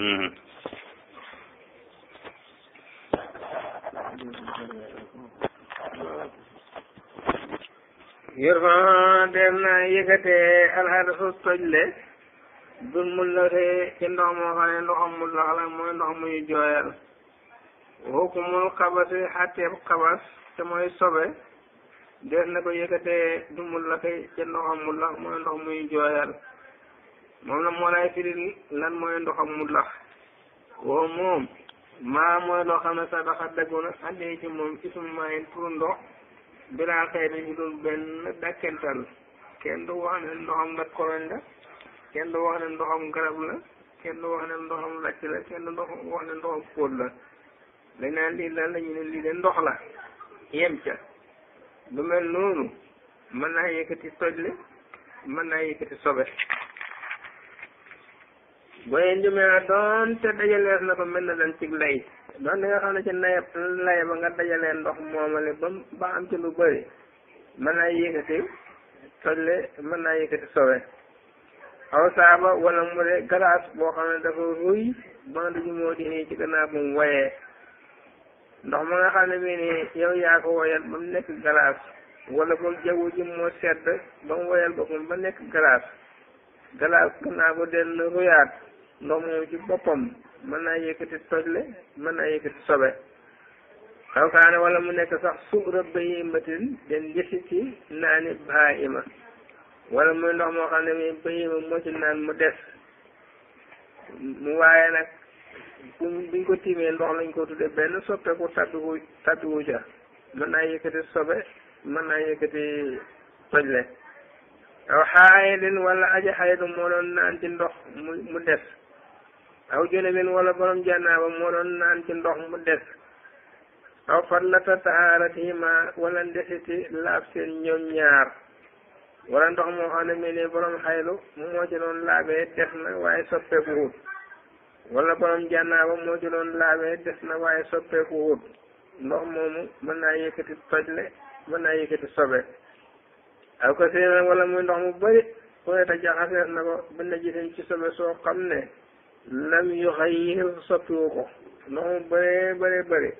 Mm-hmm. yorfa dem na yëkkatee alxadasu tojle bil mullate ci ndox moo xam ne ndoxam mu lax la mooy ndox muy jooyal hukumul xabasi xatteeb xabas te mooy sobe des na ko yëkkatee du mullate ci ndoxam mu lax mooy ndox muy jooyal moom la moo lay firil lan mooy ndoxam mu lax woo moom maa mooy loo xam ne sax dafa daggoon andee ci moom ismu maayin pour ndox bilaa xëy na ñu dul benn dakkental kenn du wax ne ndoxam la koloñ la kenn du wax ne ndoxam garab la kenn du wax ne ndoxam làcc la kenn du wax ne ndoxam póot la dañ lii la ñu ne lii de ndox la yem ca lu mel noonu mën naa yëkkati tojle mën naa yëkkati sobe booy jumaa doonte dajalees na ko mel na dañ cig lay doon di nga xam ne ci lay ba nga dajalee ndox moomale ba ba am ci lu bëri mën naa yëkkati tolle mën naa yëkkati sowe aw saaba wala mu de galaas boo xam ne dafa ruy ba nga duñu moo di nii ci gannaaw bu mu woyee ndox ma nga xam ne bii nii yow yaa ko woyal ba mu nekk galaas wala boog jaww moo sedd ba mu woyal boppam ba nekk galaas galaas gannaaw ba denn ruyaat ndox moom ci boppam mën naa yëkkati tojle mën naa yëkkati sobe aw kaana wala mu nekk sax subra bahimatin den yëkkati naani baahima wala muy ndox moo xam ne mi bahima moo ci naan mu des mu waaye nag buñ buñ ko tiimee ndox lañ ko tudde benn soppeeku tàbbiwu tàbbiwu ca mën naa yëkkati sobe mën naa yëkkati tojle aw xaayidin wala aji xaydu moo doon naan ci ndox mu mu des aw junubin wala borom janaaba moo doon naan ci ndox mu des aw fadlata taharatihima wala ndesiti laab seen ñoom ñaar wala ndox moo xam ne mel ni borom xaylu moo na waaye soppeeku wut wala moo jëloon doon laabee des na waaye soppeeku wut ndox moomu mën naa yëkkati tojle mën naa yëkkati sobe aw ko seen wala muy ndox mu bëri wala te jaxasees na ko ba na gisin ci sobe soo xam ne lam yu xayyir soppiwu ko noonu bare bare bare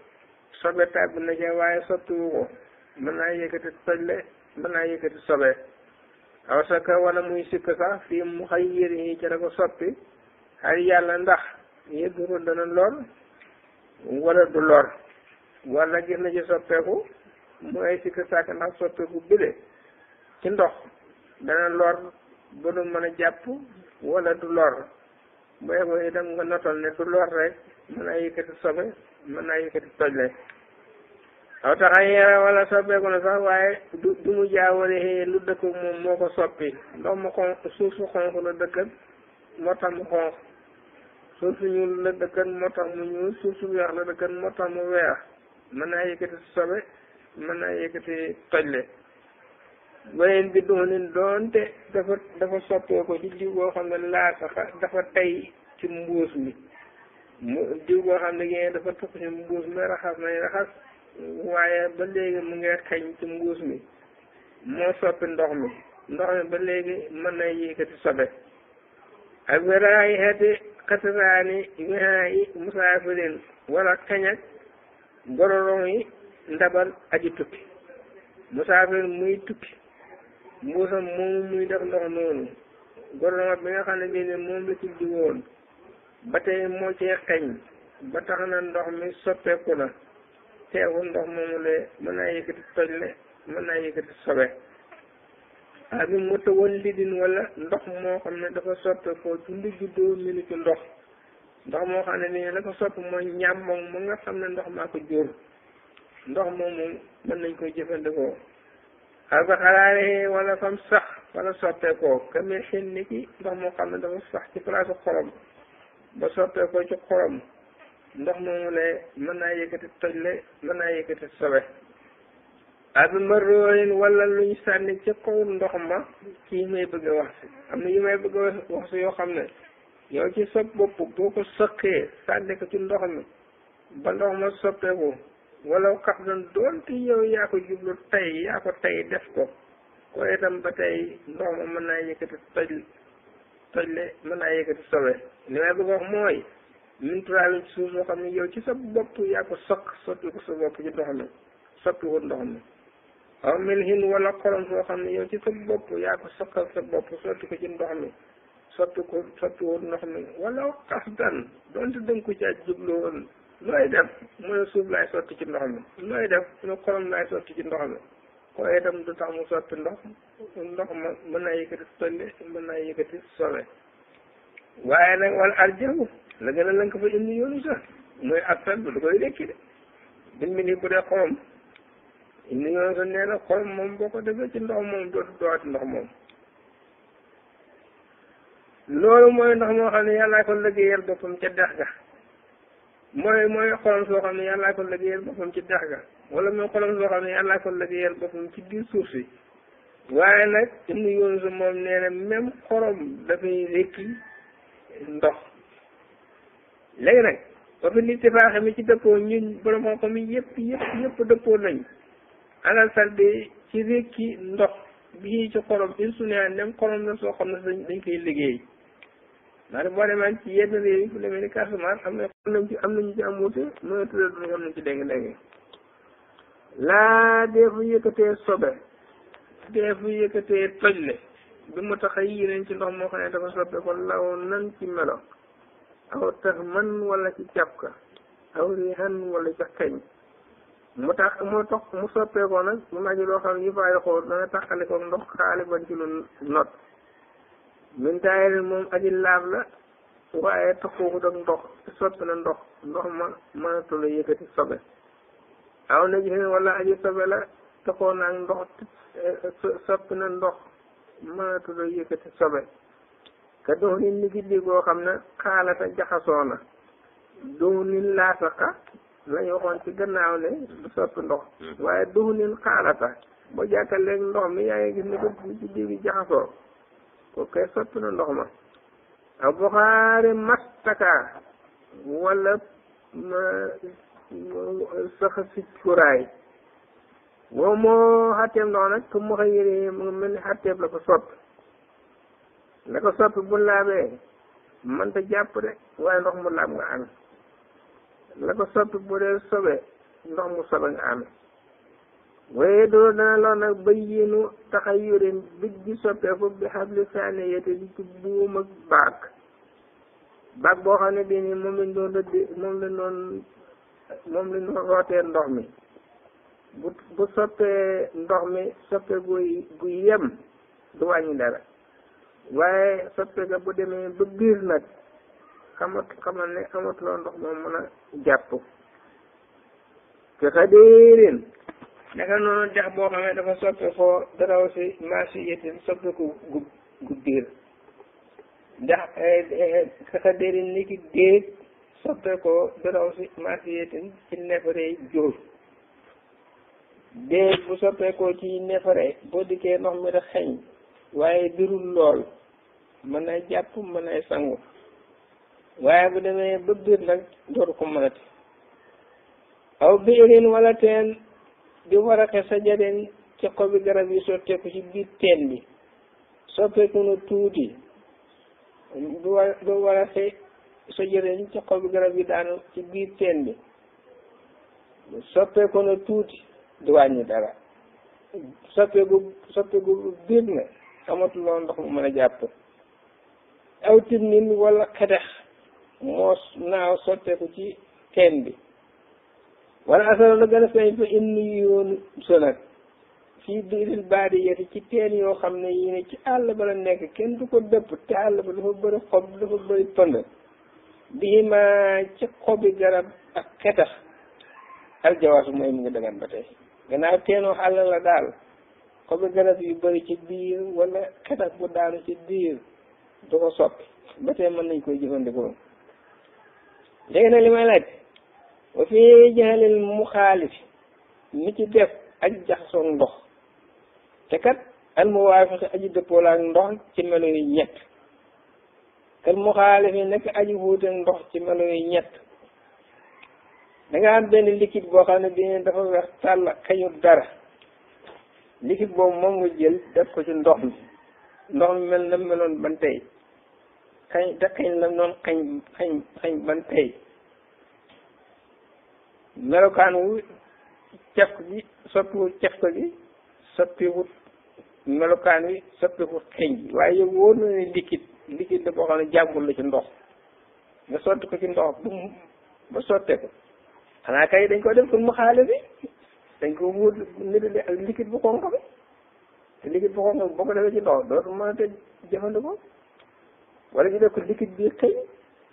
sobe tàbbi na ca waaye soppiwu ko mën naa yëkkati tojle mën naa yëkkati sobe aw sa ka wala muy sikk sax fii mu xayyir yi ca la ko soppi xar yàlla ndax yëggu dana lor wala du lor wala gis na ci soppeeku mu ay sikk sàkk ndax soppeeku bile ci ndox dana lor ba du mën a jàpp wala du lor bu yeboo itam nga notal ne su lor rek mën naa yëkkati sobe mën naa yëkkati tojle aw tax a yera wala soppeeku na sax waaye du du mu jaawale xëy lu dëkk moom moo ko soppi ndox mu xonq suuf su xonq la dëkkat moo mu ñuul la dëkkat moo tax mu ñuul suuf su weex la dëkkat moo tax mu weex mën naa yëkkati sobe mën naa yëkkati tojle wayen bi duxunin doonte dafa dafa soppee ko ci diw goo xam ne laasaxa dafa tey ci mbuus mi mu diw goo xam ne génne dafa tuq ci mbuus mi raxas nañ raxas waaye ba léegi mu ngi xeeñ ci mbuus mi moo soppi ndox mi ndox mi ba léegi mën na yëkkati sobe ak weraay xeeti xatiraani winaay yi musaafirin wala ak gororong yi ndabal aji tukki musaafirin muy tukki mbuusam moomu muy def ndox noonu gouvernement bi nga xam ne bii moom la ci digoon ba tey moo cee xeeñ ba tax na ndox mi soppeeku na teewul ndox moomu le mën naa mën naa yëkkati sobe ah bi wala ndox moo xam ne dafa soppeekoo ci liggi doo minu ci ndox ndox moo xam ne nii la ko sopp mooy ñàmmoŋ mu nga xam ne ndox maa ko jur ndox moomu mën nañ koy jëfandikoo. ak ba xalaale wala fam sax wala sotteekoo kamil ni ki ndox moo xam ne dafa sax ci place xorom ba sotteekoo ci xorom ndox moomu le mën naa yëkkati toj le mën naa yëkkati sobe ak marooyin wala luñ sànni ci kaw ndox ma ci yi may bëgg a na yi may yoo xam ne yow ci sa bopp boo ko sëqee sànni ko ci ndox ba ndox ma sotteeku walaw xab dan doonte yow yaa ko jublu tey yaa ko tey def ko ko tam ba tey ndox ma mën naa yëkkati toj toj le mën naa yëkkati sobe li may bëgg wax mooy min turaabi suuf soo xam ne yow ci sa bopp yaa ko sokk sotti ko sa bopp ci ndox mi sotti ko ndox mi aw min hin wala xorom soo xam ne yow ci sa bopp yaa ko sokkal sa bopp sotti ko ci ndox mi sotti ko sotti ko ndox mi wala xas dan doonte danga ko caa jublu woon looy def mu ne suuf laay sotti ci ndox mi looy def mu ne xorom laay sotti ci ndox mi xoolee itam du tax mu sotti ndox ndox ma mën naa yëkkati pëlle mën naa yëkkati sobe waaye nag wala arjëw la gën a lënk fa indi yoonu sax muy ak bu du koy lekki de bin mi nii ku dee xorom indi yoonu sax nee na xorom moom boo ko defee ci ndox moom dootu doxati ndox moom loolu mooy ndox moo xam ne yàllaa ko liggéeyal boppam ca dex ga mooy mooy xolam soo xam ne yàllaa ko liggéeyal boppam ci dex ga wala mooy xolam soo xam ne yàllaa ko liggéeyal boppam ci biir suuf si waaye nag Ibnu Yunus moom nee na xorom dafay rékki ndox léegi nag ba fi nit ci faaxe mi ci dëppoo ñun borom xam-xam yi yëpp yëpp yëpp dëppoo nañ alal salde ci rékki ndox bii ci xorom il su ne même xorom la soo xam ne dañ koy liggéey maa ne boo demee ci yenn réew yi fu demee ni Casamance am na am ci am nañu mooy tuddal duñu am ci dégg dégg laa dee fu yëkkatee sobe dee fu yëkkatee tojle bi mu tax a yii nañ ci ndox moo xam ne dafa soppe ko law nan ci melo aw tax man wala ci càpka aw riixan wala ca xeñ mu tax mu tox mu soppeekoo nag mu naji loo xam ne yi faay xool dana taxale ko ndox xaali bañ ci lu not min taayil moom aji laab la waaye takkuwut ak ndox sotti na ndox ndox ma mënatul a yëkkati sobe aw na ji wala aji sobe la takkoo naag ndox sotti na ndox mënatul a yëkkati sobe ka dox nit ni ki di goo xam ne xaalata jaxasoo na dox nit laataxa lañu waxoon ci gannaaw ne du sotti ndox mm-hmm. waaye dox nit xaalata boo jàkkaarleeg ndox mi yaa ngi gis ne ko jaxasoo kooku kay sotti na ndox ma ak buxaari mastaka wala saxa si cuuraay moom moo xatteeb ndox nag te mu xëy mu ngi mel ni xatteeb la ko soppi la ko soppi bu laabee mënta jàpp de waaye ndox mu laab nga amee la ko soppi bu dee sobee ndox mu sobe nga amee waaye doo dana loo nag bayyinu taxayurin bit gi soppeeku bi xabli saaniyati di ci buum ak baag boo xam ne bii nii moom lañ doon rëddi moom lañ doon moom lañ doon rootee ndox mi bu bu soppee ndox mi soppe gu gu yem du wàññi dara waaye soppe ga bu demee ba biir nag xamat xamal ne xamatuloo ndox moom mën a jàpp ci xadiirin naka noonu dex boo xamee dafa soppi koo daraw si marché yétin soppi ko gu gu diir dex kaka eh, eh, déeri ni ki déeg soppe koo daraw si marché yétin ci neefaree jóor déeg bu soppe koo ci neefare boo dikkee ndox mi da xeeñ waaye birul lool mën a jàpp mën a sangu waaye bu demee ba biir nag dootu ko mënati aw biirin wala teen di waraqe sajareen ci xobi garab yi sotteeku ci biir teen bi soppeeku na tuuti du war du waraqe sajareen ci garab yi daanu ci biir teen bi soppeeku na tuuti du wàññi dara soppeeku soppeeku biir na amatuloo ndox mu mën a jàpp aw timmin wala xetex moo naaw sotteeku ci teen bi wala asara la gën a feeñ fa indi yoonu sonat fii biiril baadiyati ci teen yoo xam ne yii ne ci àll ba la nekk kenn du ko dëpp te àll ba dafa bëri xob dafa bëri pënd bii ma ci xobi garab ak xetax aljawaasu mooy mu ngi dagan ba tey gannaaw teenoo àll la daal xobi garab yu bëri ci biir wala xetax bu daanu ci biir du ko soppi ba tey mën nañ koy jëfandikoo léegi nag li may laaj wa fi jahalil muxaalifi ni ci def ak jaxasoog ndox te kat al muwaafiqi aji dëppoo la ak ndox ci melo yu ñett kal muxaalifi nekk aju wuute ndox ci melo yu ñett da nga am benn liquide boo xam ne bi ne dafa weex tàll kañu dara liquide boobu moom nga jël def ko ci ndox mi ndox mi mel na meloon ban tey kañ da kañ la noon xañ xañ xañ ban melokaan wu cef gi soppiwut cef ko gi soppiwut melokaan wi soppiwut xeeñ gi waaye yow wóor na ne liquide la boo xam ne jàmbur la ci ndox nga sotti ko ci ndox bu mu ba sottee ko xanaa kay dañ ko def pour mu xaale bi dañ koo wóor nidale ak bu xonq bi te liquide bu xonq bi boo ko defee ci ndox dootu mën te jëfandikoo wala ñu def ko liquide bi xëy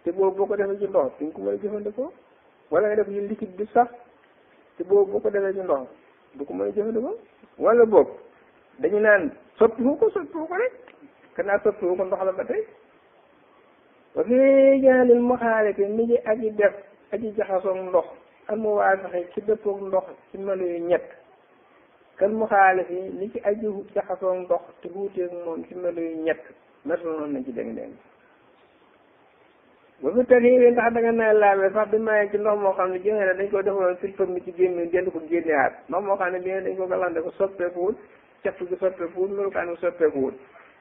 te boobu boo ko defee ci ndox duñ ko mën a jëfandikoo wala nga def yu liquide bi sax te boobu boo ko defee ci ndox du ko mën a jëfandikoo wala boobu dañu naan sottiwu ko sottiwu ko rek kanaa sottiwu ko ndox la ba tey wa fi jaalil muxaalifi mi ngi aji def ndox al mu waasaxe ci dëppoog ndox ci melo yu ñett kan muxaalif yi ni ci aji jaxasoog ndox te wuuteeg moom ci melo yu ñett merta noonu na ci deng deng ba bi tariwee ndax da nga nay laabee sax bi mayee ci ndox moo xam ne jëngee ne dañ ko defaloon filpam mi ci gémmiñ jënd ko génneaat ndox moo xam ne bi dañ ko galande ko soppeekuwul capp gi soppeekuwul melukaan bi soppeekuwul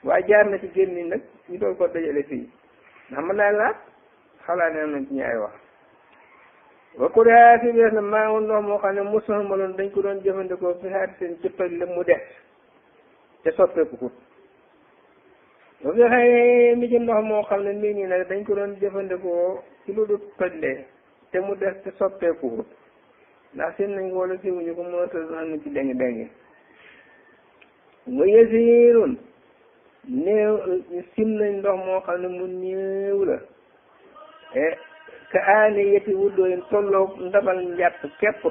waaye jaar na ci gémmiñ nag ñu doon ko dajale fii ndax mën naa laab xalaa ne nañ ci ñaari wax wa kuréel fi bees na maa ngi ndox moo xam ne mosuma ma doon dañ ko doon jëfandikoo fi xaar seen cëppal la mu def te ba nga xëyee mi jëm ndox moo xam ne mbir ñi nag dañ ko doon jëfandikoo ci lu dul tojlee te mu des te soppeeku ndax seen nañ ko wala siwuñu ko mën a tëdd deng deng mu yasiirun néew sim nañ ndox moo xam ne mu néew la ka aane yeti wuddooyin tolloog ndabal njàpp képp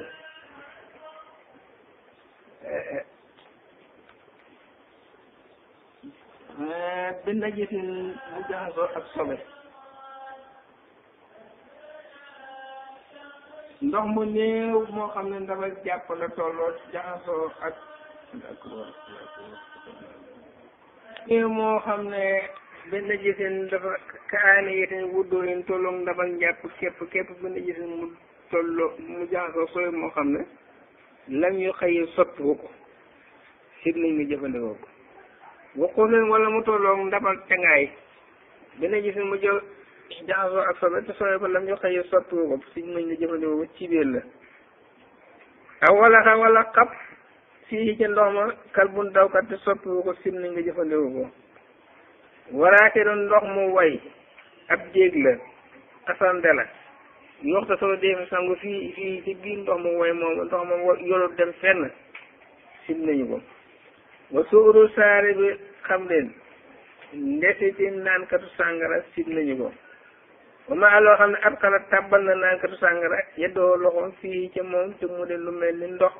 Euh, bi najitin mu jaxasoo ak sobe ndox mu néew moo xam ne ndafa jàpp la tolloo jaxasoo ak moo xam ne bi najitin dafa kaani yitin wuddoo yin tolloog ndafa jàpp képp képp bi najitin mu tolloo mu jaxasoo sobe moo xam ne lam yu xëyi sottiwu ko sib nañ nga jëfandikoo ko waxuunan wala mu tolloog ndabal cangaay dina gis mu jël jaxasoo ak sobe te sobe ba lam ñu xëye sottiwu ko suñ ci biir la aw ma kalbun dawkat nañ nga jëfandikoo ko waraake doon ndox mu way ab jéeg la xasande la yoxta soo dee sangu fii fii ci biir ndox mu way moom ndox ma yolut dem fenn sim nañu ko wa suuru saari bi xam leen ndefiti naankatu sàngara sib nañu ko ba ma loo xam ne ab xalaat tàbbal na naankatu sàngara yeddoo loxoom fii ca moom te mu de lu mel ni ndox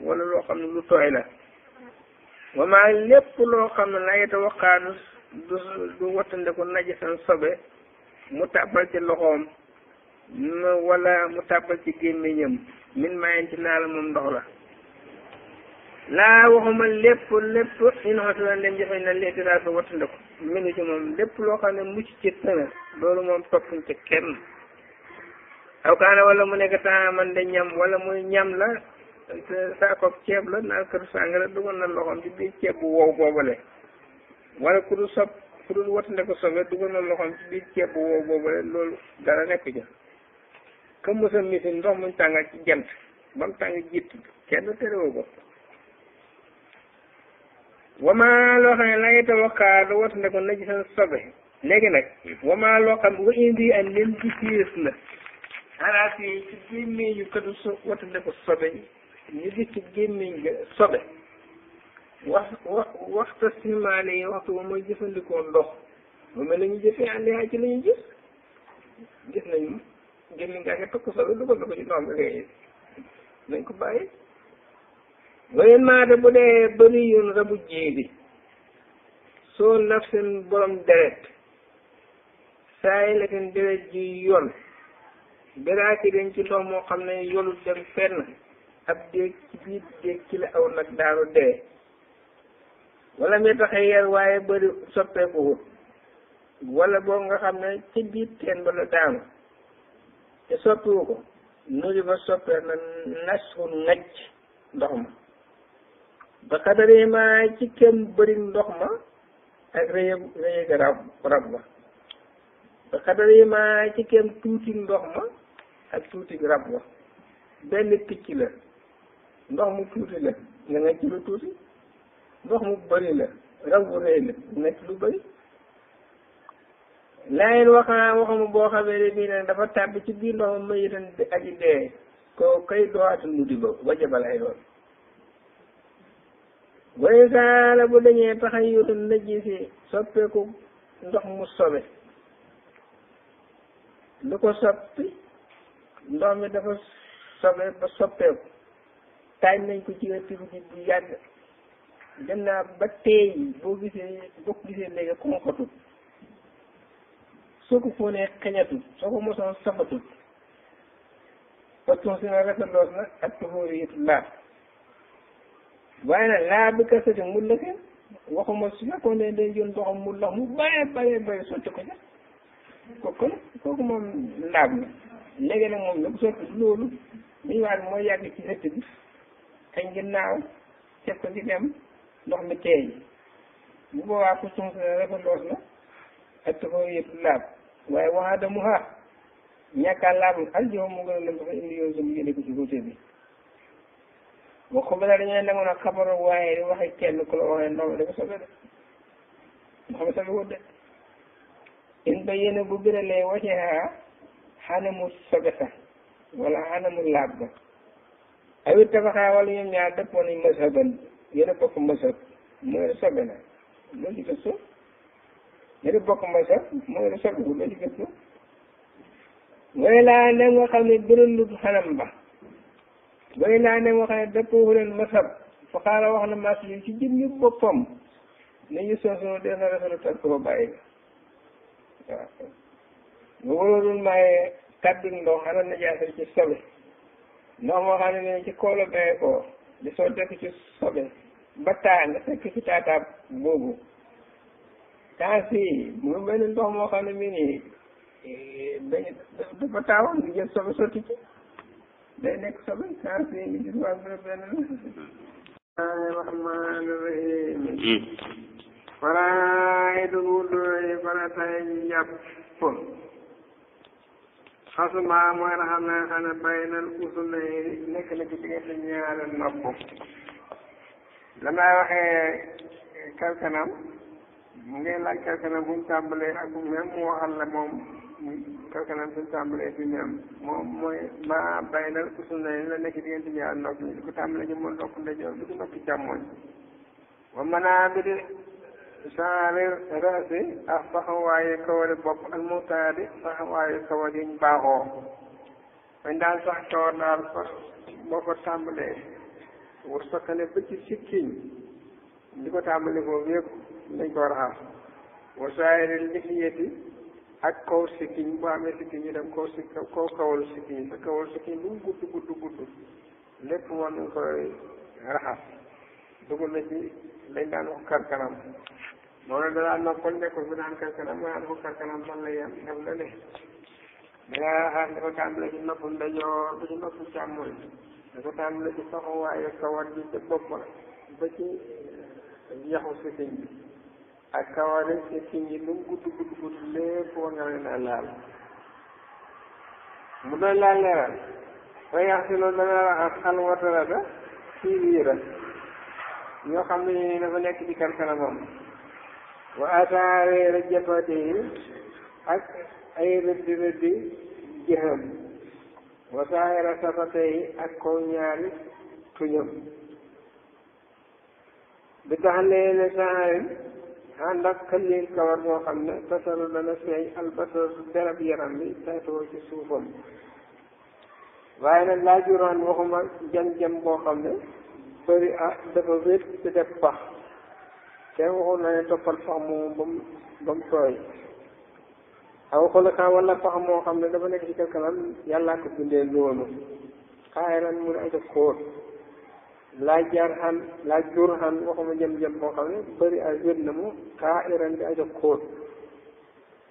wala loo xam ne lu tooy la ba ma lépp loo xam ne layeta waxaanu du du wattandeku najasan sobe mu tàbbal ci loxoom wala mu tàbbal ci gémmiñam min mayen ci naa la moom ndox la laa waxuma lépp lépp inoxatu lan dem joxe na léegi daal ba wattandiku minu ci moom lépp loo xam ne mucc ci tëna loolu moom toppuñ ci kenn aw kaana wala mu nekk temps man de ñam wala muy ñam la saakoob ceeb la naan kër sàngara dugal na loxoom ci biir ceeb bu wow boobale wala ku du sob ku dul wattandiku sobe dugal na loxoom ci biir ceeb bu wow boobale loolu dara nekk ja ka mësa misin ndox muñ tàngal ci jant ba mu tàng jiitu kenn terewoo ko wamaa loo xam ne la nga tawakkaar da woote ne ko na seen sobe léegi nag wamaa loo xam wa indi an leen ci piis la xalaat yi ci gémmiñ yu so woote ko sobe ñu gis ci gémmiñ nga sobe wax wax waxta simaane yi waxtu ba mooy jëfandikoo ndox moom la ñu jëfee àndiwaat ci la gis gis nañu gémmiñ ngaa nga tokk sobe dugal na ko ci ndox mi nga nañ ko bàyyi wayen maata bu dee bëri yun rabu jii bi soo nafsin borom deret saa yi latin deret ji yoon biraa ki dañ ci ndox moo xam ne yolu dem fenn ab déeg ci biir déeg ci la aw nag daaru dee wala mi taxe yer waaye bëri soppeekuwut wala boo nga xam ne ci biir teen ba la daanu te soppiwu ko nuri ba soppee na nas wu ngacc ndox ma ba xadaree maa ci kem bëri ndox ma ak rëy rëy garab rab ba ba xadaree maa ci kem tuuti ndox ma ak tuuti rab ba benn picc la ndox mu tuuti la nga nga ci lu tuuti ndox mu bëri la rab bu rëy la nga ci lu bëri laayeen waxaa waxuma boo xamee ne bii dafa tàbbi ci biir ndox ma mayitan aji dee ko kay doxaata nudi ba wajabal ay doon way saala bu dañee taxayuru najisi soppeeku ndox mu sobe lu ko soppi ndox mi dafa sobe ba soppeeku taaj nañ ko ci wetu yàgg dem naa ba teey boo gisee boo ko gisee léegi xonqatul soo ko fóonee xeñatul soo ko mosoon safatul parce que si na rafetloos na ak taxóori yëtu laat waaye nag laa bi kese te mbul la kenn waxuma su fekkoon ne day jël ndoxam mbul la mu bëree bëree bëri sotti ko ca kooku nag kooku moom laab na léegi nag moom la bu sotti loolu li ñu wax mooy yàgg ci ëtt bi kañ ginnaaw teg ko ci dem ndox mi teey bu boobaa ku suuf na rek loos na ëtt ko yëpp laab waaye waxaa da mu xaar ñàkk a laabam aljuma mu gën a lëkk fa indi yoon sa mu jëlee ko ci côté boo ko bëggee dañu leen nangu nag xabaru waaye di waxee kenn ku la waxee noonu dafa sobe de dafa sobe wut de in ba yéene bu biralee wajaha xanamu sobe sax wala xanamu laab ba awit tabaxaa wala ñoom ñaar dëppoo nañ mazhaban yéen a bokk mazhab mooy sobe na loolu ci gëstu yéen a bokk mazhab mooy sobe loolu ci gëstu mooy laa ne nga xam ne biralut xanam ba wala laa ne moo xam ne dëppoo leen masab fa xaaral wax na mas yi ci jëm ñu boppam nañu soosoo def na rafetlu tag ko bàyyi la nga waroon maaye kaddu ndox xanaa najaasa ci sobe ndox moo xam ne ne ci koolo bàyyi ko di soo def ci sobe ba taa nga fekk ci taataab boobu temps mu mel ni ndox moo xam ne mii eh, dañu dafa taawoon nga sobe sotti ci day nekk sobe saa si li gis waa sobe benn la rahmaan rahim faraidul wudooy hmm. faratay njàpp xasuma mooy la xam ne xam ne bay nan usu na nekk na ci diggante ñaari nopp la may waxee kalkanam mu ngay laaj kalkanam bu mu tàmbalee ak même mu waxal la moom kanam fi mu tàmbalee fi mu am moom mooy maa bay dal ku sunna la nekk diggante ñaar nopp ñi di ko tàmbalee ci moom nopp ndeyjoor bi di ko nopp càmmoñ wa manaabiri saari ak faxawaayu kawari bopp kawar yiñ baaxoo bañ daal sax kawar daal fa boo ko tàmbalee war sokkale ba ci sikkiñ di ko tàmbalee foofu yëpp nañ ko raxas wa saari lixiyati ak kaw sikkiñ bu amee sikkiñ ñu dem kaw si kaw kawal sikkiñ sa kawal sikkiñ mu gudd gudd gudd lépp mën nga koy raxas dugal na ci lañ daan wax karkanam noonu danaa noppal nekkul bi daan karkanam nga daan ko karkanam fan la yem def la ne dangaa raxas dafa tàmbale ci nopp ndajoor ba ci nopp càmmoñ dafa tàmbale ci saxuwaaye kawar bi ca bopp ba eh, yaxu sikkiñ bi ak kawaare sekkiñ yi lu mu gudd gudd gudd lépp wangale na laal mu doon laa leeral waaye yaa si loolu dana raxas xalwatara da fii wiira ñoo xam ne ñu ne dafa nekk ci kar kanamam wa ataare rajapate yi ak ay rëdd rëdd jëxam wa taahira safate yi ak kow ñaari tuñam bi tax ne ne saa ànd ak këlliin kawar boo xam ne basaru dana feeñ albasar derab yaram bi saytoo ci suufam waaye nag laa waxuma jam-jam boo xam ne bëri ah dafa wéet di def pax te waxul ne toppal pax moomu ba mu ba mu tooy aw xolokan wala pax moo xam ne dafa nekk ci kanam yàllaa ko bindee noonu xaayaran mu ne ak a xóot laa jarhan laa jurhan waxuma jëm jëm boo xam ne bëri ay wér na mu xaa iran di aja xóot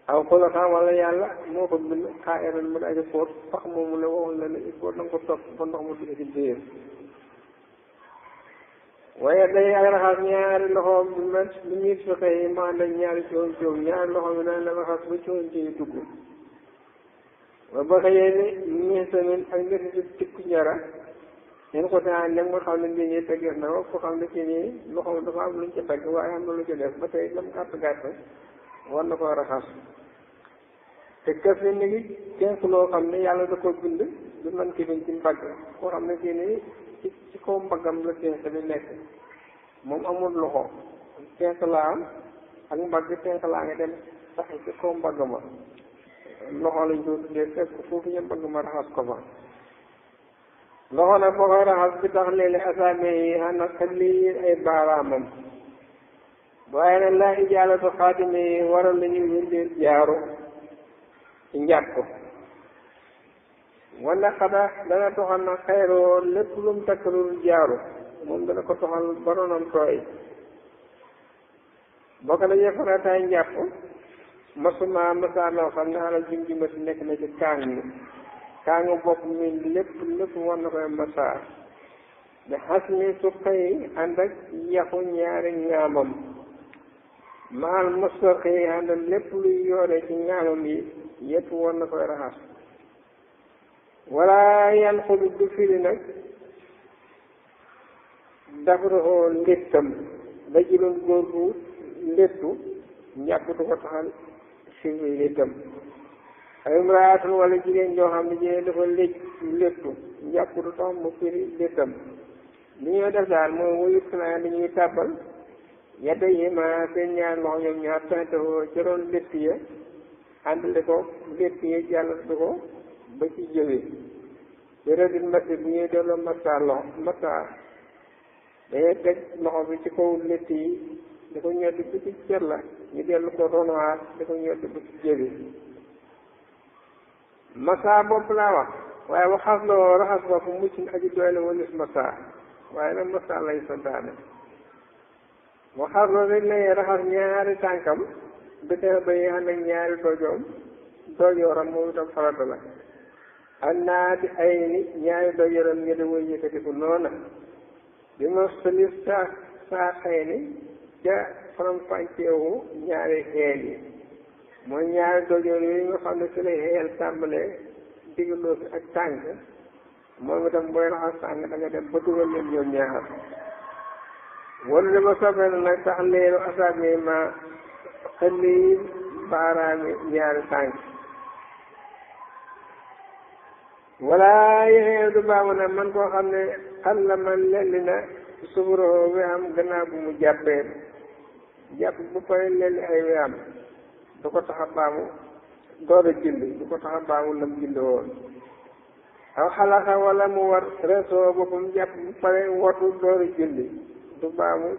aw xulaxa wala yàlla moo ko bind xaa iran mu di aja xóot mu dugg ci waaye day ak raxas ba xëyee ni ñeent semaine ak njëriñ ci tikku ñara ñun xusaan nag mu xam ne mbir ñi tëggeef na ko ku xam ne ci nii loxoom dafa am luñ ci tëgg waaye am na lu ci def ba tey lam gàtt gàtt war na koo raxas te këf ni ngi kenk loo xam ne yàlla da ko bind du man ki biñ ci mbagg koo xam ne ci nii ci ci kaw mbaggam la kenk bi nekk moom amul loxo kenk la am ak mbagg kenk laa nga dem sax ci kaw mbagg ma loxo lañ ko tuddee fekk foofu ñu mbagg ma raxas ko fa loxo nag boo koy raxas bi tax léegi asaame yi ana xelli ay baaraamam waaye nag laa ijaalatu xaatime yi waral lañuy windeel jaaru ci njàpp wala xada dana toxal na xayroo lépp lum takkalul jaaru moom dana ko toxal baronam tooy boo ko dajee farataay njàpp masuma masaa loo xam ne alal jum juma si nekk na ci kaan yi kaa nga bopp mi lépp lépp war na koy masaa bi xas mi su xëy ànd ak yaxu ñaari ñaamam maal mosta xëy ànd ak lépp luy yoore ci ñaamam yi yépp war na koy raxas wala yan xulu du firi nag dafaroxoo ndéttam rajulun góor bu ndéttu njàpp du ko taxal firi ndéttam ay imraatun wala jigéen joo xam ne jigéen dafa lécc léttu njàpputu tax mu firi léttam li ñuy def daal mooy wuyut naa dañuy tàbbal yadda yi ma seen ñaar loxo ñoom ñaar pentewoo ca doon létt ya àndale ko létt ya jàllale ko ba ci jëwe di rëddit matti bu ñuy delloo matta loxo matta dañuy teg loxo bi ci kaw létt yi di ñu dell ko ronoir di ko ñodd bu ci jëwe massa bopp laa wax waaye waxaas la raxas ko fu mucc aji doy la walis massa waaye nag massa lay santaane waxaas la dañ lay raxas ñaari tànkam bétee ba yi ànd ñaari dojoom dojooram moom itam farata la ak naa di ay ni ñaari dojooram ñi da way yëkkati ko noona bi ma salis saa saa ni ca faram fànceewu ñaari xeel yi mooy ñaari dojoor yooyu nga xam ne su lay xëyal tàmbalee digaloo fi ak tàng moom itam booy raxas tàng da nga dem ba leen ñoom ñaar wala dama soobee nag sax leeru asaab yi ma xëlli baaraami ñaari tànk wala yéen du baax na man koo xam ne xal la man lelli na suburoo we am gannaaw bu mu jàppee jàpp bu pare lelli ay we am du ko tax a baamu door julli du ko tax a baamu lam julli woon aw xalaxa wala mu war resoo boppam jàpp bu pare watu door julli du baamu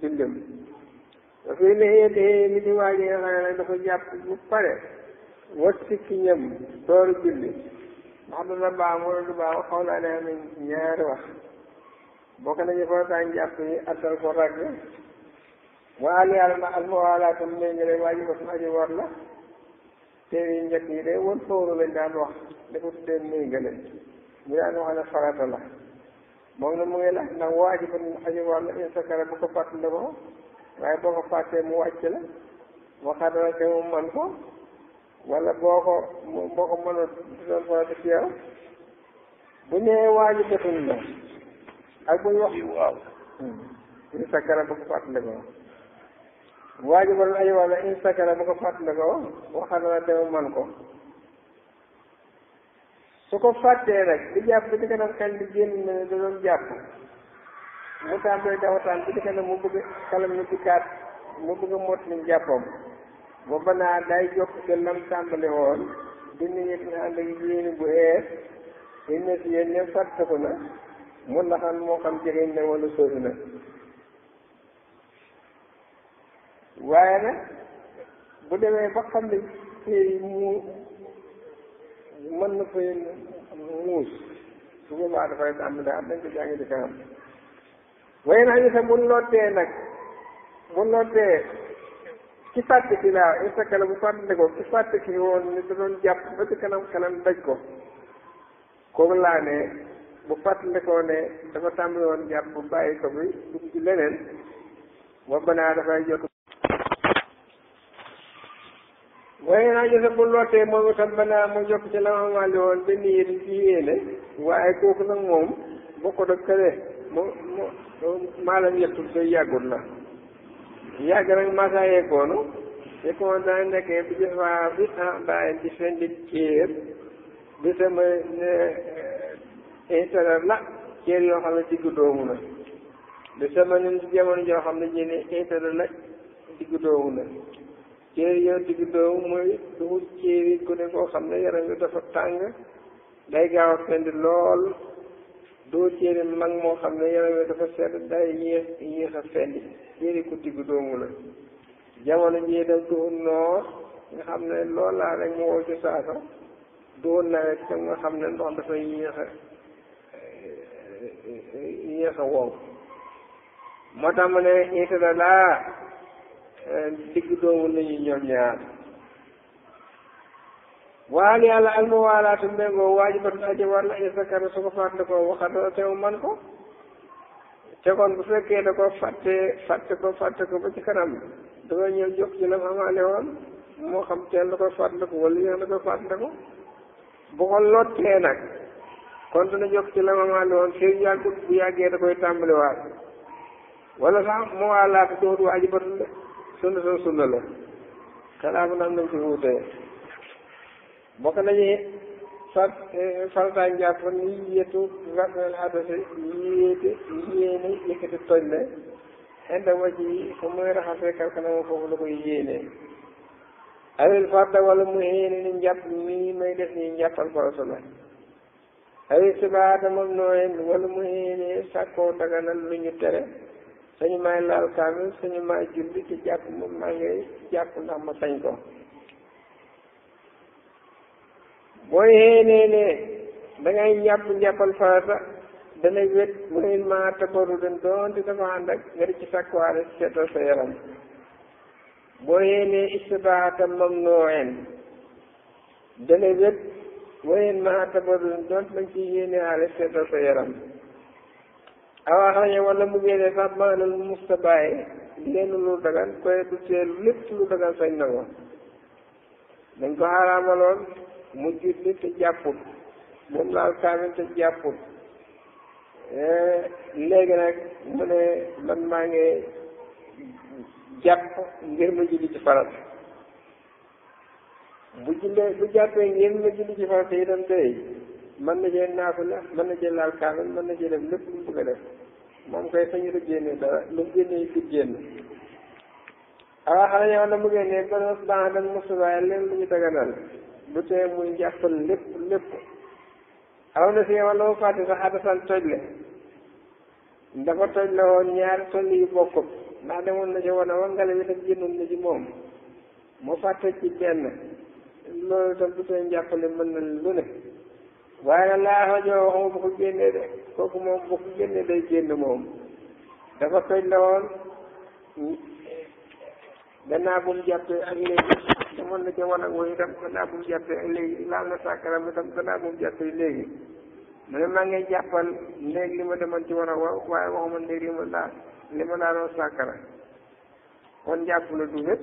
jullim dafay ne yéete ni di waa ji nga xam ne nag dafa jàpp bu pare wat sikki ñam door a julli ndax dana baamu wala ne am ñaari wax bokk jàpp yi atal ko ràgg waa al yàlla ma almuwaalaatu méngale waaji ba suñu aji war la téere yu njëkk yi de wal fóoru lañ daan wax dafa tuddee méngale ñu daan wax ne farata la moom na mu ngi laaj ndax waaji ba suñu aji war la in sakara bu ko fàtt la ko waaye boo ko m mu wàcc la waxadara w mu man ko wala boo ko boo ko mënoon doon farata ci yow bu ñëwee waaji ba suñ la ak bu ñu wax waaw in sakara bu ko fàtt la ko waajiboon aji war la in sakara bu ko fàttalikoo a la dem man ko su ko fàttee rek di jàpp di kanam xel di génn ne da jàpp mu bëgg kalam ni dikkaat mu bëgg a mot ni jàppam booba naa day jokk ke lam tàmbali woon dina yëg na ànd ak yéene bu ees yéen ñëpp yéen ñëpp fàttaliku na mu laxan moo xam jege na wala sóosu na waaye nag bu demee ba xam ne tey mu mën na fay muus su boobaa dafay am daal dañ ko jàngi di kanam waaye nag ñu sax bu nootee nag bu nootee ki fàtte ki laa insa kala bu fàtte ko ki fàtte ki woon ni da doon jàpp ba ci kanam kanam daj ko kooku laa ne bu fàttalikoo ne dafa tàmbali woon jàpp bàyyi ko bi dugg ci leneen wa banaa dafay jot waaye naa jësa bu lootee moom itam banaa mu jokk ci la ma màlli woon benn yéen ci yéene waaye kooku nag moom bokkut ak kële mu mu maalam yettul day yàggut la yàgg nag maasaa yeggoonu te comme daa nekkee bi jëfaa bi ah bàyyi di fendi céer bi sama ne eh, intérêt la céer yoo xam ne doomu na bi sama nin ci jamono joo xam ne jëne intérêt la diggu doomu na céer yoo digg doomu mooy duxu céeri ku ne koo xam ne yaram wi dafa tàng day gaaw a fend lool doo céeri mag moo xam ne yaram wi dafa sedd day yéex yéex a fendi céeri ku digg doomu la jamono jii dem duxu noor nga xam ne loolaa rek mu wow ci saasa doo nawet tam nga xam ne ndox dafa yéex a yéex a wow moo tax mu ne itala laa Euh, digg doomu nañu ñoom ñaar waal yàlla la aji sakkar su ko fàtte ko waxata teew man ko te kon bu fekkee da ko fàtte fàtte ko fàtte ko ci kanam danga ñëw jox ci la mu amaale woon moo xam teel da ko wala bu ko lottee nag kon ci la mu amaale koy tàmbaliwaat mu waalaatu dootu waajibatun de sunna soo sunna la xanaa bu naan nañ ci wuutee bokk nañu far eh, farataay ni yetu gasnel xadasi yéete yéene la xenda waj yi fu muy raxasee karkanam foofu la koy yéenee awil wala mu yéene ni njàpp mi may def nii njàppal farata la awil sibaata moom nooyeen wala mu yéene sàkkoo daganal lu ñu tere sañu may laal kaamil sañu may julli ci jàpp moom maa ngay jàpp ndax ma sañ ko booy xeenee ne dangay ñàpp njàppal farata dana wét wayen ma tabaru den doonte dafa ànd ak nga di ci sàkkuwaale seetal sa yaram boo xeenee istibaata mam nooen dana wét wayen ma tabaru den doonte danga ci yéene aale seetal sa yaram aw axraja wala mu génne sax maanaam mu musta bàyyi lenn lu dañ ko xaraamaloon mu julli te moom laal kaamil te jàppul eh, léegi nag mu ne man maa ngi jàpp ngir ma julli ci bu jullee bu jàppee ngir ma julli ci farat itam tey man na jël naafila mën na jël laal kaamil mën na jël lépp lu mu bëgg a def moom koy sañu la génnee dara lu génnee fi génn awaaxale yow na mu génnee ba baax dañ mosuwaay leen lu ñu daganal du tee muy njàppal lépp lépp aw na si wala mu fàtte sax xadasan toj le dafa toj la woon ñaari toj yu bokkut ndax demoon na ci wana wangale bi tam génnoon na ci moom mu fàtte ci benn loolu tam du tee njàppale mën na lu waaye nag laa rajo waxuma bu ko génnee de kooku moom bu ko génnee day génn moom dafa toj la woon gannaaw bu mu jàppee ak léegi demoon na ca wan ak woy itam gannaaw bu mu jàppee ak léegi ma na sàkkaram itam gannaaw bu mu jàppee léegi mu ne maa ngi jàppal néeg li ma demoon ci wan ak wa waaye waxuma néeg li ma laal li ma laaloon kon jàpp la du wét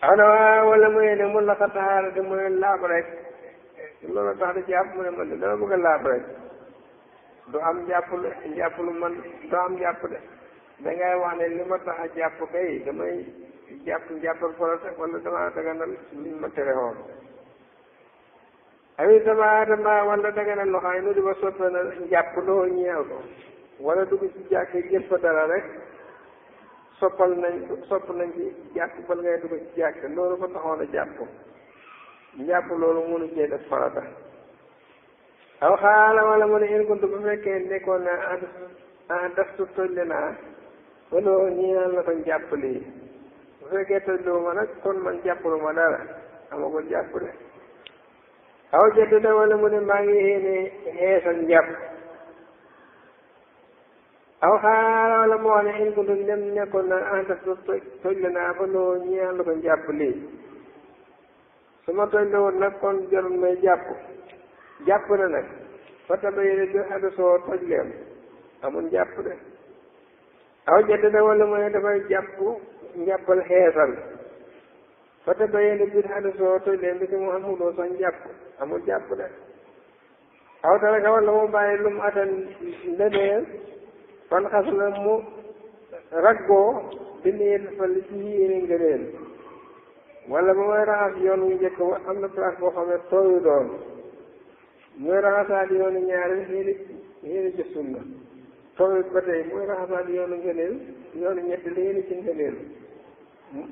xanaa wala mu ne mu la ko taxaara de mu ne laab loolu sax da jàpp am mu ne man de bëgg laab rek du am jàpp lu man du am jàpp de dangay wax ne li ma tax a jàpp kay damay jàpp jàppal farata wala damaa daganal liñ ma tere woon awi dama dama wala daganal loo di ba soppe jàpp loo ñeel ko wala dugg ci jàkkee jël fa dara rek soppal nañ sopp nañ ci jàpp bal ngay dugg ci jàkk loolu ko taxoon a jàpp njàpp loolu mënu cee def farata aw xaala wala mu ne in kuntu bu fekkee nekkoon naa ad ah dastu tojle wala ñii naan la ko njàpp lii bu fekkee tojloo ma nag kon man jàppalu ma dara amagul jàpp de aw jot da wala mu ne maa ngi yéene xeesal njàpp aw xaala wala mu wax ne in kuntu dem nekkoon naa ah dastu tojle naa ah, wala ñii naan la ko njàpp lii su ma doy woon nag kon jarul may jàpp jàpp na nag fa tamit yéen a jël soo toj leen amul jàpp de aw jënd na wala mu ne damay jàpp njàppal xeesal fa tamit yéen a jël soo toj leen bi mu amuloo sax jàpp amul jàpp de aw dara ka wala mu bàyyi lu mu atal leneen fan xas la mu raggoo bi mu yéen li ci yéene ngëneel wala ba mooy raxas yoon wu njëkk wa am na place boo xam ne tooyu doon mooy raxasaat yoonu ñaari xéeri xéeri ci sunna tooyut ba tey mooy raxasaat yoonu ngëneel yoonu ñett li ngeen ci ngëneel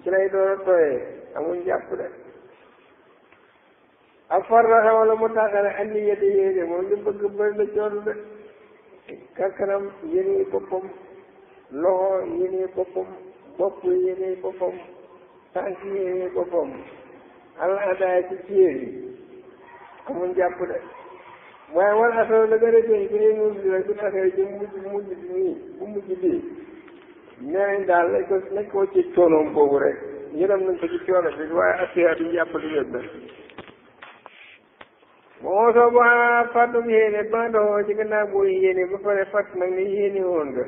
ci lay door a tooyee amuñ jàpp de ak farraxa wala mu tàggale andi yeddi yéene moom li bëgg bëri la coono de karkanam yéene boppam loxo yéene boppam bopp yéene boppam tànk yéene boppam allah daay ci céer yi amul jàpp de waaye wal asoo la gën a feeñ bi ne nuur bi rek bu taxee ci mujj mujj bi nii bu mujj bii nee nañ daal lañ ko nañ ko ci coonoom boobu rek yërëm nañ ko ci coono bi waaye asiya duñ jàpp di wét na moo soo ba fàttum yéene ba doxoo ci gannaaw boo yéene ba pare fàtt nag ne yéene woon nga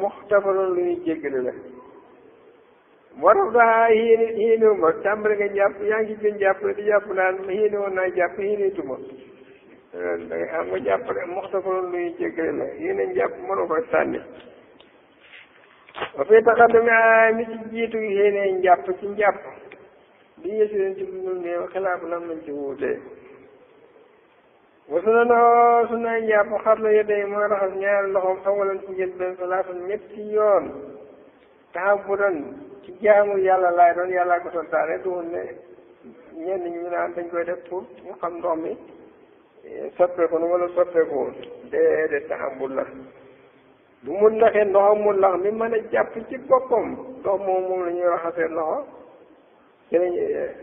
muxtafaloon lu ñuy jéggale la moo tax daa hiini hiiniwu ma tàmbali nga jàpp yaa ngi gën di jàpp naan hiini woon naa jàpp hiinitu ma da ngay am nga jàpp ne moxta ko loolu luy la mi ci jiitu hiine njàpp ci njàpp di yéesi leen ci dundum néew xilaaf lan lañ ci wuutee wasu na noo su nay njàpp xar la yedey mooy raxas ñaari loxoom awalan ci jaamu yàlla laay doon yàlla ko sa du woon ne ñenn ñi ñu naan dañ koy def pour ñu xam ndox mi eh, soppeeku nu wala soppeekuwul déedéet taxambul la bu mu laxee ndoxo mu lax mi mën jàpp ci boppam ndox moom moom la ñuy raxasee loxo ci lañ eh,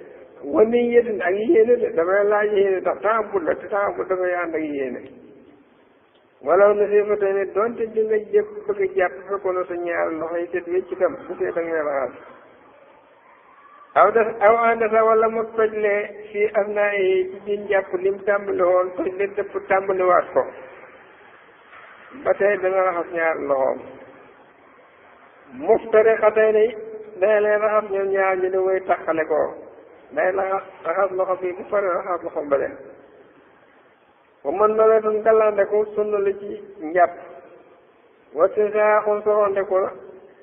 wane yéene ak yéene de damay laaj yéene ndax taxambul la te taxambul dafay ànd ak yéene walaw na si fa tamit donte di nga jëpp bëgg a jàpp fekkoon na sa ñaar loxo yi set wécc tam bu fee danga ne raxas aw des aw àndasa wala mu toj le fii am naa yi ci biir jàpp lim tàmbali woon toj le dëpp tàmbaliwaat ko ba tey dana raxas ñaar loxoom muftari xatay day day leen raxas ñoom ñaar ñu ne woy taxale ko day raxas raxas loxo bi bu pare raxas loxo ba leen wa man malatun gàllandeku sunna la ci njàpp wasisaaxun soxonteku la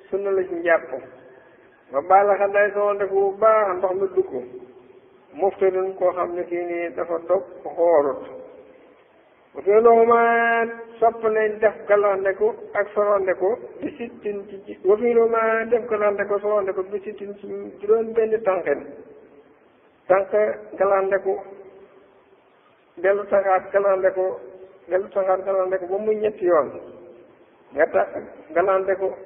sunna la ci njàpp wa baalaxa day soxonteku bu baax ndox mi dugg muftarin koo xam ne kii nii dafa dog xoolut bu fee loxumaa sopp nañ def gàllandeku ak soxonteku bi sittin ci wa fii loxumaa def gàllandeku soxonteku bi ci juróom benn tànqin tànq gàllandeku dell taxaat galande ko dellu taxaat ko ba muy ñetti yoon nga ta galande ko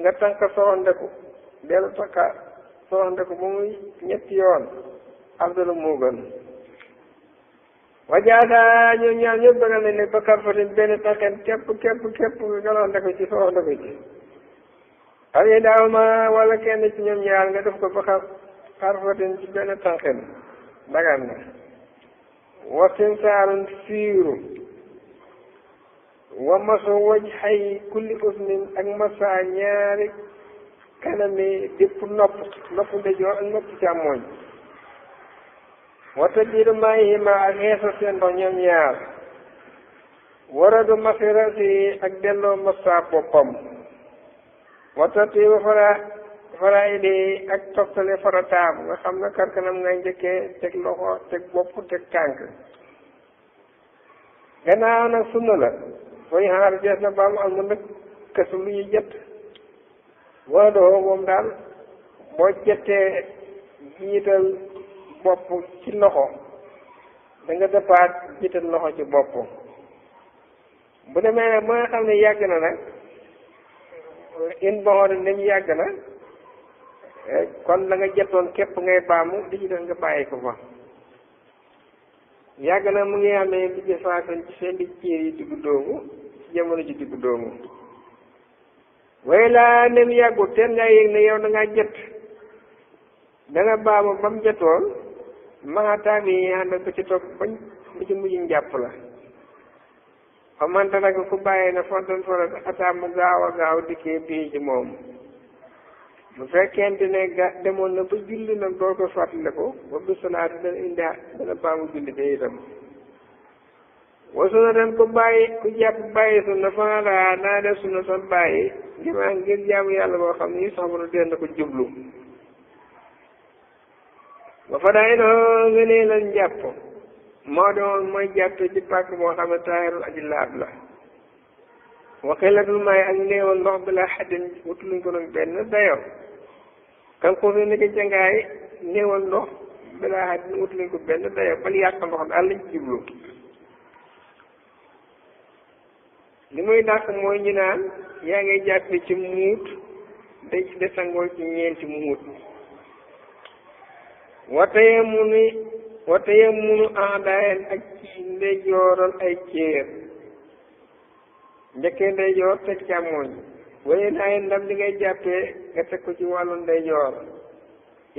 nga tànk soxande ko dellu takka soxande ko ba muy ñetti yoon afdalu moo gën wajaada ñoom ñaar ñëpp bëggal nañ ne ba karfatin benn tànqeen képp képp képp nga galande ko ci soxande ko ci aw yi wala kenn ci nga def ko ba xar xarfatin ci benn tànqeen dagaan na wa simsaarun siiru wa maso waj xay kulli usnin ak masa ñaari kanami dépp nopp nopp ndejoor ak nopp càmmooñ wa tajiiru maayihima ak xeesa seen ndox ñoom ñaar waradu masirasi ak delloo masa boppam wa tatiiru fara faraayili ak toftale farataam nga xam ne karkanam ngay njëkkee teg loxo teg bopp teg tànk gannaaw nag sunna la fooy xaar jeex na ba am na nag kësu lu ñuy jët wala doo moom daal boo jëttee jiital bopp ci loxo da dëppaat jiital loxo ci bopp bu demee nag ba nga xam ne yàgg na nag in boxoon nañ yàgg na Eh, kon danga nga jotoon képp ngay baamu li ci def nga bàyyi ko fa yàgg na mu ngi amee di jëfaatal ci seen di ciir yi diggu doomu ci jamono ji diggu doomu waaye laa nem yàggul teen ngaa yëg ne yow da ngaa jët da nga baamu ba mu jotoon maxataab yi ànd ko ci topp bañ li ci mujj njàpp la xamante nag ku bàyyi na fontan forat ataa gaaw a gaaw dikkee bii ci moom bu fekkente ne ga demoon na ba julli nag door ko fàttaliku ba bu salaat dana indi dana baamu julli te itam wasu na dem ko bàyyi ku jàpp bàyyi sunna fana laa naa def sunna sa bàyyi limaa ngir jaamu yàlla boo xam ne yi sax mën a ko jublu ba fa daay noo nga nee lan jàpp moo doon mooy jàpp ci pàkk moo xam ne taayarul aji la waxilatul maay ak néewal ndox bi laa xaddin wutuluñ ko doon benn dayoo kan ko fi nekk jàngaay néewal ndox bi laa xaddin wutuluñ ko benn dayoo bal yàq ndox daal lañ jublu li muy dàq mooy ñu naan yaa ngay jàppe ci muut day ci desangoo ci ñeenti muut watayee munu watayee munu àndaayal ak ci ndey jooral ay céer njëkkee ndeyjoor teg càmmooñ waye naaye ndam li ngay jàppee nga teg ko ci wàllu ndeyjoor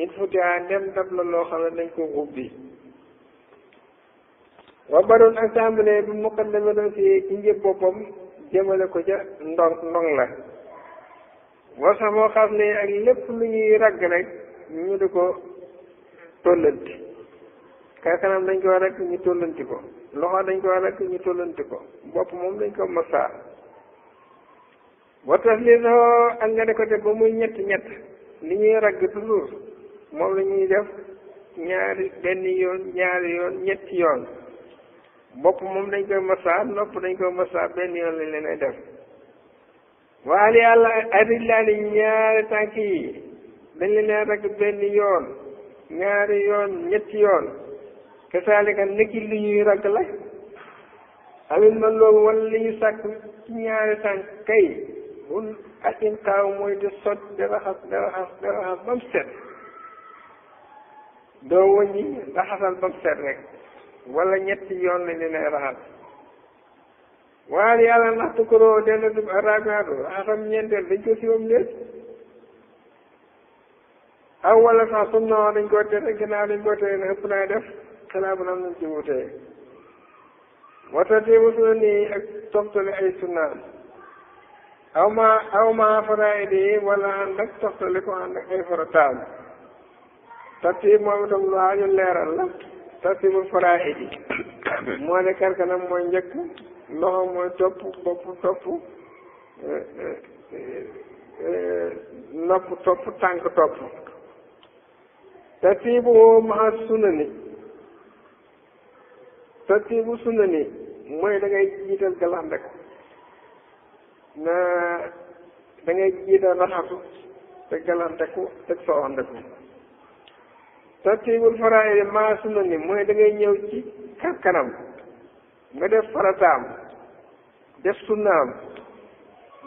in futaa ndem ndab la loo xam ne dañ ko ubbi wa baroon assemblée bi muqaddame doon si ci njëb boppam jëmale ko ca ndong ndong la war sax moo xam ne ak lépp lu ñuy ragg rek ñu di ko tollanti kay kanam dañ ko rek ñu tollanti ko loxo dañ ko rek ñu tollanti ko bopp moom dañ ko masaa wa tasliisoo ak ko def ba mu ñett ñett li ñu ragg toujours moom la ñuy def ñaari benn yoon ñaari yoon ñetti yoon bopp moom dañ koy masaa nopp dañ koy masaa benn yoon lañ leen ay def waali yàlla arillaani ñaari tànk yi dañ leen ragg benn yoon ñet yoon ñetti yoon kasaalika niki li ñuy ragg la amit na loolu wala li ñu sàkk ci ñaari tànk kay bul ak intaaw mooy di sot di raxas di raxas di raxas ba mu set doo wëññi raxasal ba mu set rek wala ñetti yoon la ñu lay raxas waaye yàlla ndax tukuroo delloo dugg araagaatu raxasam ñeenteel dañ ko si moom lépp aw wala sax sum na woon dañ koo tere ginnaaw dañ koo tere naa def xanaa bu nam nañ ci wutee moo tax te mosu na nii ak toftale ay sunnaam aw ma aw ma faraidi yi wala ànd ak toftali ko ànd ak ay farataam tartib moom itam lu aju leeral la tartibul faraidi yi moo ne karkanam mooy njëkk loxo mooy topp bopp topp eh, eh, eh, nopp topp tànk topp tartibu maa sunani tartibu sunani mooy da ngay jiital galan na dangay ngay jiital raxasu te galanteku te soxandeku tartiibul faraa'id maa sunna ni mooy da ñëw ci kar kanam nga def farataam def sunnaam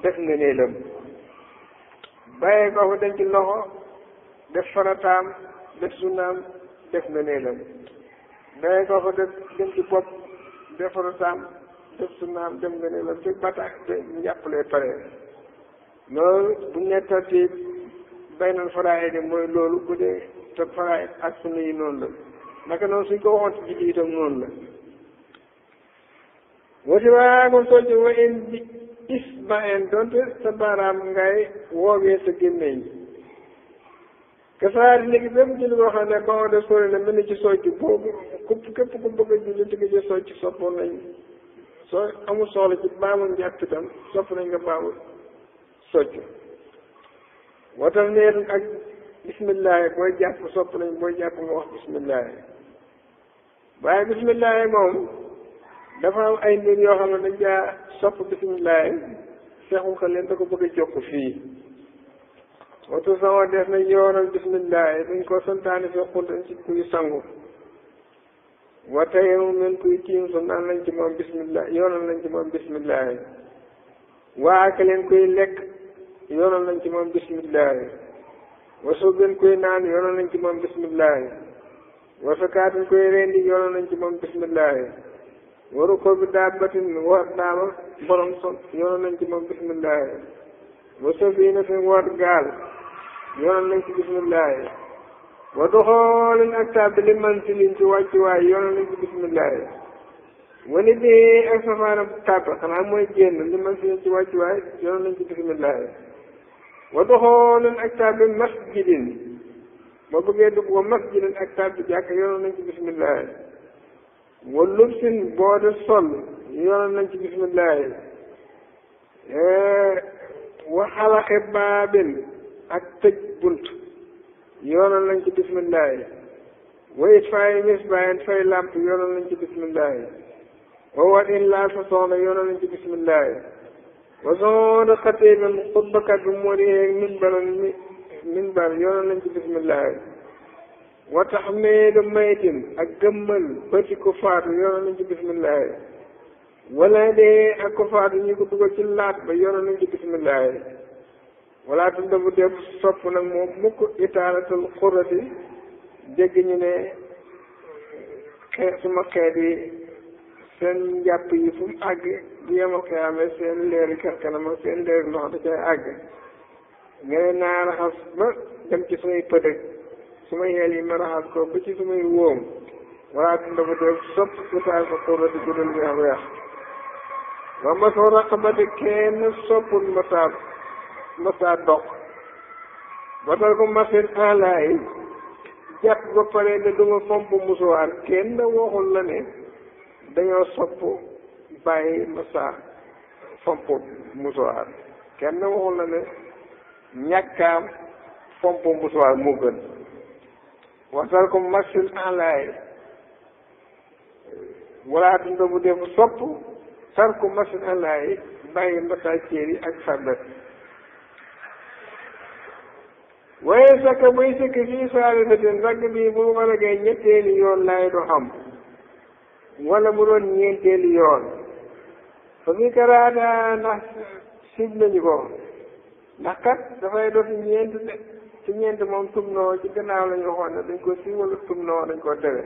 def nga néelam bàyyee ko fa denc loxo def farataam def sunnaam def nga néelam bàyyee fa def denc bopp def farataam def sunnaam dem nga ne la fi bata njàppalee pare loolu bu ñu nee bay faraay de mooy loolu bu dee te faraay ak sunna yi noonu la naka noonu suñ ko waxoon ci julli itam noonu la wati waa kon soo ci wa in bi is ba en donte sa baaraam ngay woowee sa gémmeñ kasaar léegi bépp julli boo xam ne ba de sori na mel ni ci socc boobu képp képp ku bëgg a julli te nga ci socc soppoon nañ soo amul soxla ci baamul njàpp itam sopp nañ nga baamul soccu watal neetum ak bismillaahi booy jàpp sopp nañ booy jàpp nga wax bismillaahi waaye bismillaahi moom dafa am ay mbir yoo xam ne dañ caa sopp bismillaahi seexul ko leen da ko bëgg a jokk fii watu sama def na yoonal bismillaahi dañ ko santaane fi xul dañ ci kuy sangu wa tey moom ngeen koy tiim su naan lañ ci moom bismillah yoonal lañ ci moom bismillah waa ka leen koy lekk yoonal lañ ci moom bismillah wa soo ngeen naan yoonal lañ ci moom bismillah wa sakaatan koy rendi yoonal lañ ci moom bismillah waru ko bi daa batin war lañ ci moom bismillah wa na fi war gaal yoonal lañ ci bismillah waa doxoolin ak tàbbi li man si liñ ci wàccuwaay yoonal nañ ci bisimilah wane bi ak safaanam tàbbi xanaa mooy génn li si liñ ci wàccuwaay yoonal nañ ci bisimilah wa doxoolin ak tàbbi masjidin boo bëggee dugg ko masjidin ak tàbbi jàkk yoonal nañ ci bisimilah wa lubsin boo de sol yoonal nañ ci bisimilah eh, wa xalaxe baabin ak tëj bunt. yoonal nañ ci bismillah yi wa itfaayi misbaayan fay làmp yoonal nañ ci bismillah yi wa wat in laal sa soxna yoonal nañ ci bismillah yi wa soxna xatiibam xutbakat bi moo di yeeg minbaran mi minbar yoonal nañ ci bismillah yi wa tahmiidu maytin ak gëmmal bëti ko faatu yoonal nañ ci bismillah yi wala dee ak ko faatu ñu ko dugal ci laat ba yoonal nañ ci bismillah yi wala tun dabu def sopp nag moom mukk itaaratul xurati dégg ñu ne xee suma xeet yi seen njàpp yi fu mu àgg bu yemal koy amee seen leeri karkanam ak seen leeri loxo da cay àgg nga naa raxas ba dem ci sumay pëdëg suma yeel ma raxas ko ba ci sumay wóom wala tun dabu def sopp itaaratul xurati gudul weex weex wa ma soo raqabati kenn soppul ma taab masaa dox botal ko masin alaay jàpp ba pare ne duma fomp musuwaar kenn waxul la ne dañoo sopp bàyyi masaa fomp musuwaar kenn waxul la ne ñàkkaam fomp musuwaar moo gën watal ko masin alaay walaa tunda bu def sopp sar ko masin alaay bàyyi masaa céer ak sàddat waaye sakk buy sikk fii saalisatin sakk bii bu ma ragee ñetteeli yoon laay du xam wala mu doon ñeenteeli yoon fa bi karaata ndax sib nañu ko ndax kat dafay doon ñeent de ci ñeent moom tumnoo ci gannaaw lañu waxoon ne dañ ko si wala tumnoo dañ ko tere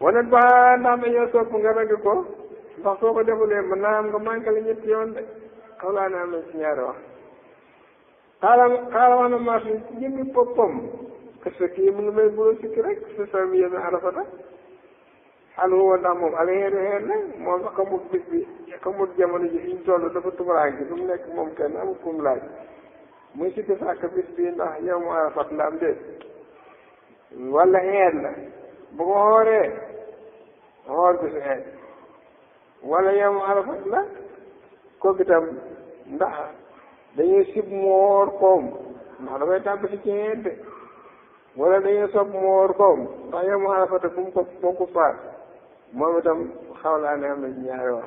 wala ba ndax dañoo sopp nga ragg ko ndax soo ko defulee mën naa am nga manqué la ñetti de xaw laa naa mel ci ñaari wax xaaral xaaral wax na Martin ci jëmmi boppam parce que kii mu ngi rek si sa yéen a arafata xal woo ndax moom ala xeen xeen la moom xamut bis bi xamut jamono ji fi ñu toll dafa tumuraanke fi nekk moom kenn amul kum laaj muy sikki sàkk bis bi ndax yow mu arafat la am déet wala xeen la bu arafat la kooku itam ndax dañuy sib mu woor koom ndax dafay tàmbali ci de wala dañuy a mu woor koom ndax yow mu arafata bu mu ko boo ko faat moom itam xaw laa ne am na ñaari wax